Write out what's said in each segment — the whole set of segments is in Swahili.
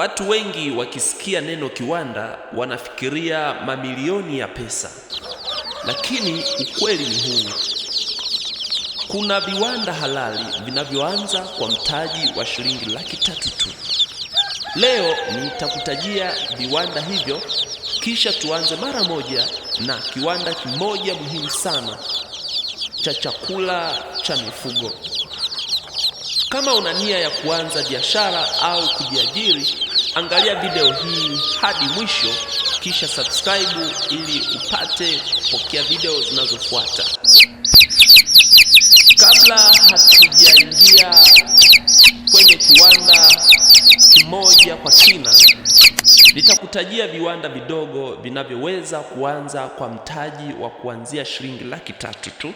Watu wengi wakisikia neno kiwanda wanafikiria mamilioni ya pesa, lakini ukweli ni huu: kuna viwanda halali vinavyoanza kwa mtaji wa shilingi laki tatu tu. Leo nitakutajia viwanda hivyo, kisha tuanze mara moja na kiwanda kimoja muhimu sana cha chakula cha mifugo. Kama una nia ya kuanza biashara au kujiajiri, angalia video hii hadi mwisho, kisha subscribe ili upate kupokea video zinazofuata. Kabla hatujaingia kwenye kiwanda kimoja kwa kina, nitakutajia viwanda vidogo vinavyoweza kuanza kwa mtaji wa kuanzia shilingi laki tatu tu.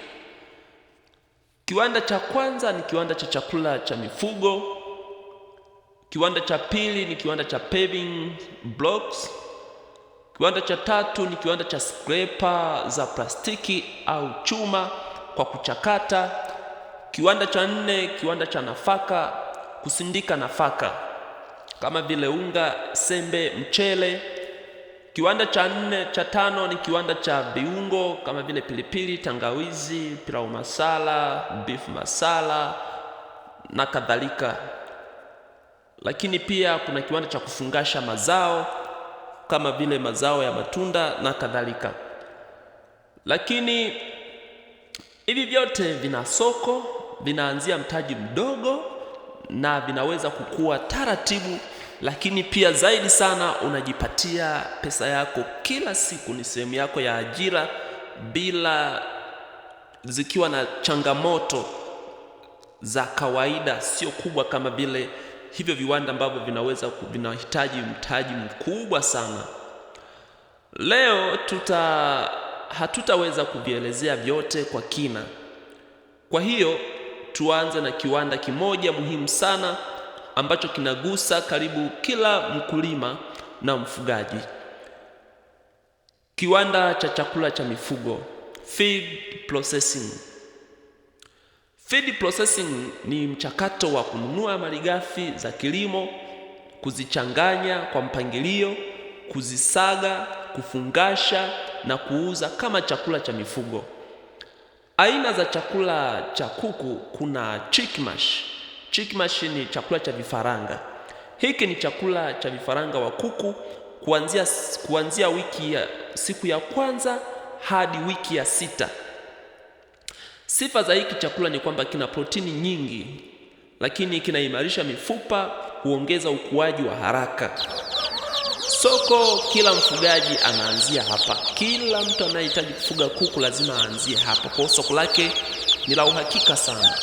Kiwanda cha kwanza ni kiwanda cha chakula cha mifugo. Kiwanda cha pili ni kiwanda cha paving blocks. Kiwanda cha tatu ni kiwanda cha skrepa za plastiki au chuma kwa kuchakata. Kiwanda cha nne, kiwanda cha nafaka, kusindika nafaka kama vile unga, sembe, mchele Kiwanda cha nne cha tano ni kiwanda cha viungo kama vile pilipili, tangawizi, pilau masala, beef masala na kadhalika. Lakini pia kuna kiwanda cha kufungasha mazao kama vile mazao ya matunda na kadhalika. Lakini hivi vyote vina soko, vinaanzia mtaji mdogo na vinaweza kukua taratibu lakini pia zaidi sana unajipatia pesa yako kila siku, ni sehemu yako ya ajira, bila zikiwa na changamoto za kawaida, sio kubwa kama vile hivyo viwanda ambavyo vinaweza vinahitaji mtaji mkubwa sana. Leo tuta hatutaweza kuvielezea vyote kwa kina, kwa hiyo tuanze na kiwanda kimoja muhimu sana ambacho kinagusa karibu kila mkulima na mfugaji. Kiwanda cha chakula cha mifugo, feed processing. Feed processing ni mchakato wa kununua malighafi za kilimo, kuzichanganya kwa mpangilio, kuzisaga, kufungasha na kuuza kama chakula cha mifugo. Aina za chakula cha kuku kuna mash, Chickmash ni chakula cha vifaranga. Hiki ni chakula cha vifaranga wa kuku kuanzia, kuanzia wiki ya siku ya kwanza hadi wiki ya sita. Sifa za hiki chakula ni kwamba kina protini nyingi, lakini kinaimarisha mifupa, huongeza ukuaji wa haraka. Soko kila mfugaji anaanzia hapa. Kila mtu anayehitaji kufuga kuku lazima aanzie hapa, kwa soko lake ni la uhakika sana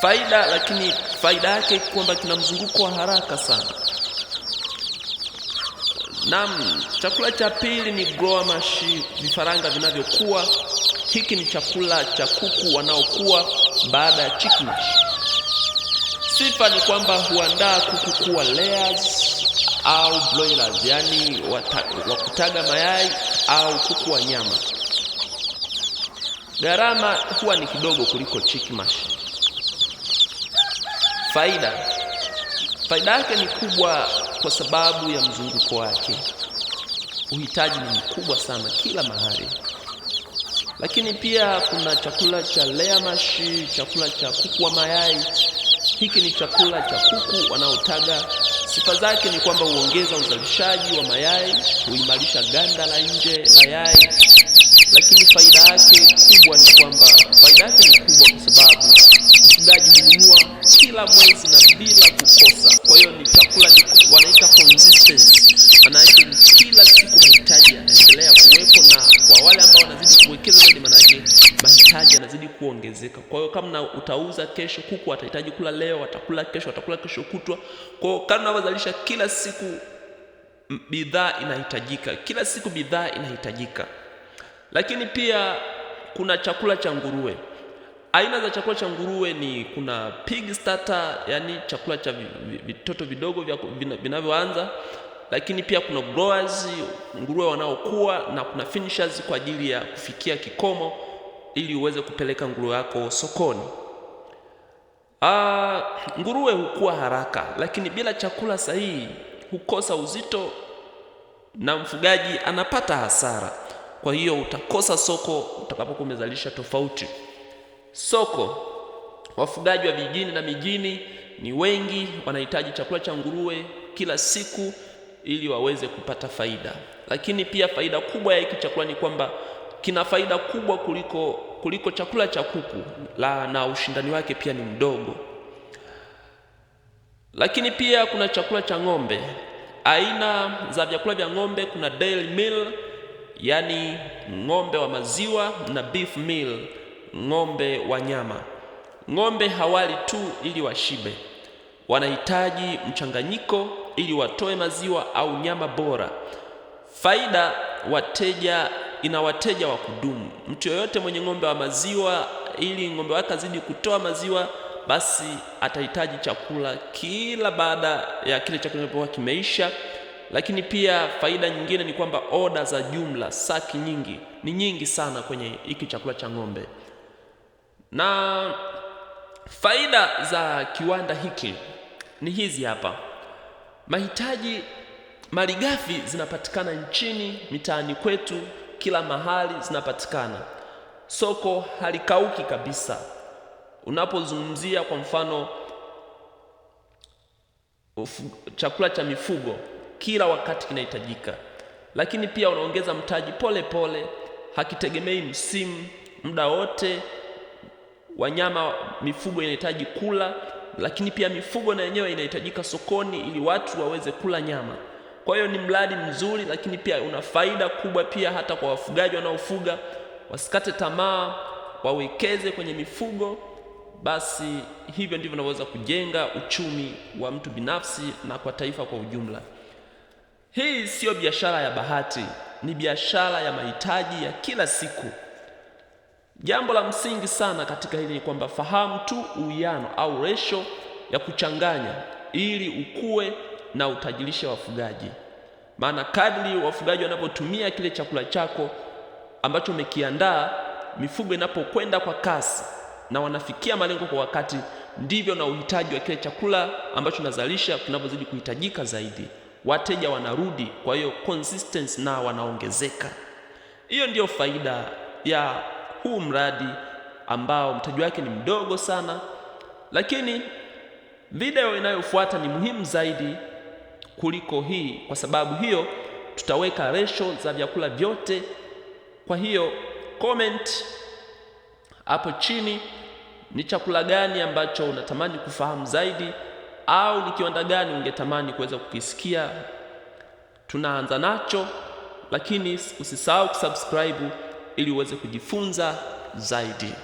faida, lakini faida yake kwamba kina mzunguko wa haraka sana. Naam, chakula cha pili ni grower mash, vifaranga vinavyokuwa. Hiki ni chakula cha kuku wanaokuwa baada ya chick mash. Sifa ni kwamba huandaa kuku kuwa layers au broilers, yani wakutaga mayai au kuku wa nyama. Gharama huwa ni kidogo kuliko chick mash. Faida, faida yake ni kubwa kwa sababu ya mzunguko wake. Uhitaji ni mkubwa sana kila mahali, lakini pia kuna chakula cha lea mashi, chakula cha kuku wa mayai. Hiki ni chakula cha kuku wanaotaga. Sifa zake ni kwamba huongeza uzalishaji wa mayai, huimarisha ganda la nje la yai, lakini faida yake kubwa ni kwamba faida yake ni kubwa kwa sababu kazi na bila kukosa. Kwa hiyo ni chakula wanaita consistency, maana kila siku mahitaji yanaendelea kuwepo, na kwa wale ambao wanazidi kuwekeza zaidi, maana yake mahitaji yanazidi kuongezeka. Kwa hiyo kama utauza kesho, kuku watahitaji kula leo, watakula kesho, watakula kesho kutwa. Kwa hiyo kama unavyozalisha kila siku bidhaa inahitajika, kila siku bidhaa inahitajika. Lakini pia kuna chakula cha nguruwe. Aina za chakula cha nguruwe ni kuna pig starter, yani chakula cha vitoto vidogo vinavyoanza, lakini pia kuna growers, nguruwe wanaokuwa, na kuna finishers kwa ajili ya kufikia kikomo ili uweze kupeleka nguruwe yako sokoni. Ah, nguruwe hukua haraka, lakini bila chakula sahihi hukosa uzito na mfugaji anapata hasara. Kwa hiyo utakosa soko utakapokuwa umezalisha tofauti. Soko, wafugaji wa vijijini na mijini ni wengi, wanahitaji chakula cha nguruwe kila siku ili waweze kupata faida. Lakini pia faida kubwa ya hiki chakula ni kwamba kina faida kubwa kuliko, kuliko chakula cha kuku la, na ushindani wake pia ni mdogo. Lakini pia kuna chakula cha ng'ombe. Aina za vyakula vya ng'ombe kuna dairy meal, yani ng'ombe wa maziwa na beef meal ng'ombe wa nyama. Ng'ombe hawali tu ili washibe, wanahitaji mchanganyiko ili watoe maziwa au nyama bora. Faida wateja, ina wateja wa kudumu. Mtu yoyote mwenye ng'ombe wa maziwa, ili ng'ombe wake azidi kutoa maziwa, basi atahitaji chakula kila baada ya kile chakula kinapokuwa kimeisha. Lakini pia faida nyingine ni kwamba oda za jumla, saki nyingi ni nyingi sana kwenye hiki chakula cha ng'ombe. Na faida za kiwanda hiki ni hizi hapa. Mahitaji malighafi zinapatikana nchini, mitaani kwetu, kila mahali zinapatikana. Soko halikauki kabisa. Unapozungumzia kwa mfano ufu, chakula cha mifugo kila wakati kinahitajika, lakini pia unaongeza mtaji pole pole, hakitegemei msimu, muda wote wanyama, mifugo inahitaji kula, lakini pia mifugo na yenyewe inahitajika sokoni ili watu waweze kula nyama. Kwa hiyo ni mradi mzuri, lakini pia una faida kubwa pia hata kwa wafugaji wanaofuga, wasikate tamaa, wawekeze kwenye mifugo. Basi hivyo ndivyo unaweza kujenga uchumi wa mtu binafsi na kwa taifa kwa ujumla. Hii siyo biashara ya bahati, ni biashara ya mahitaji ya kila siku. Jambo la msingi sana katika hili ni kwamba fahamu tu uwiano au resho ya kuchanganya ili ukue na utajirishe wafugaji, maana kadri wafugaji wanapotumia kile chakula chako ambacho umekiandaa, mifugo inapokwenda kwa kasi na wanafikia malengo kwa wakati, ndivyo na uhitaji wa kile chakula ambacho unazalisha kinavyozidi kuhitajika zaidi, wateja wanarudi, kwa hiyo consistency na wanaongezeka. Hiyo ndiyo faida ya huu mradi ambao mtaji wake ni mdogo sana, lakini video inayofuata ni muhimu zaidi kuliko hii, kwa sababu hiyo tutaweka resho za vyakula vyote. Kwa hiyo comment hapo chini, ni chakula gani ambacho unatamani kufahamu zaidi, au ni kiwanda gani ungetamani kuweza kukisikia tunaanza nacho, lakini usisahau kusubscribe ili uweze kujifunza zaidi.